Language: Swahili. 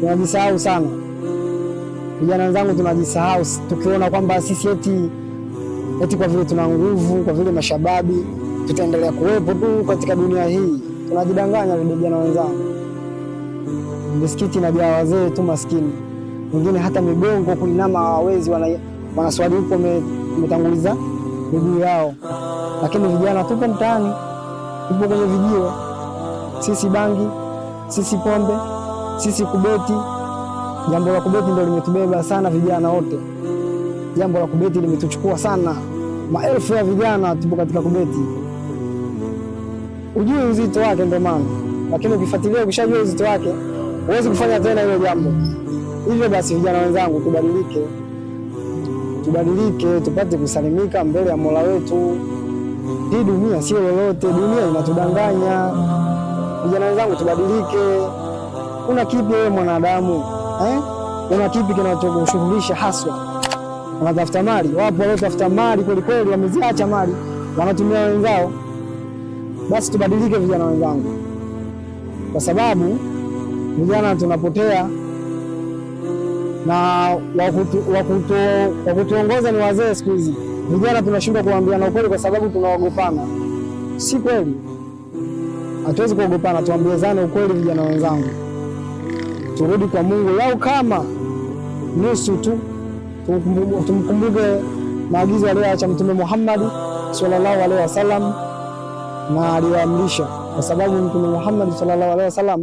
tunajisahau sana vijana wenzangu, tunajisahau tukiona kwamba sisi eti eti kwa vile tuna nguvu, kwa vile mashababi tutaendelea kuwepo tu katika dunia hii. Tunajidanganya vile vijana wenzangu, misikiti inajaa wazee tu maskini, wengine hata migongo kuinama hawawezi, wanaswali huko umetanguliza miguu yao, lakini vijana tupo mtaani, tupo kwenye vijio sisi bangi, sisi pombe sisi kubeti, jambo la kubeti ndio limetubeba sana vijana wote, jambo la kubeti limetuchukua sana. Maelfu ya vijana tupo katika kubeti, ujui uzito wake ndio maana, lakini ukifuatilia, ukishajua uzito wake huwezi kufanya tena hilo jambo. Hivyo basi, vijana wenzangu, tubadilike, tubadilike, tupate kusalimika mbele ya Mola wetu. Hii dunia sio lolote, dunia inatudanganya. Vijana wenzangu, tubadilike. Una kipi wewe mwanadamu eh? Una kipi kinachokushughulisha haswa? Wanatafuta mali, wapo wanaotafuta mali kweli kweli, wameziacha mali, wanatumia wenzao. Basi tubadilike vijana wenzangu, kwa sababu vijana tunapotea na wakutuongoza ni wazee siku hizi. Vijana tunashindwa kuambiana ukweli kwa sababu tunaogopana. Si kweli, hatuwezi kuogopana, tuambiezane ukweli, vijana wenzangu turudi kwa Mungu, lau kama nusu tu, tumkumbuke maagizo aliyoacha Mtume Muhammad sallallahu alaihi wasallam na aliyoamrisha, kwa sababu Mtume Muhammad sallallahu alaihi wasallam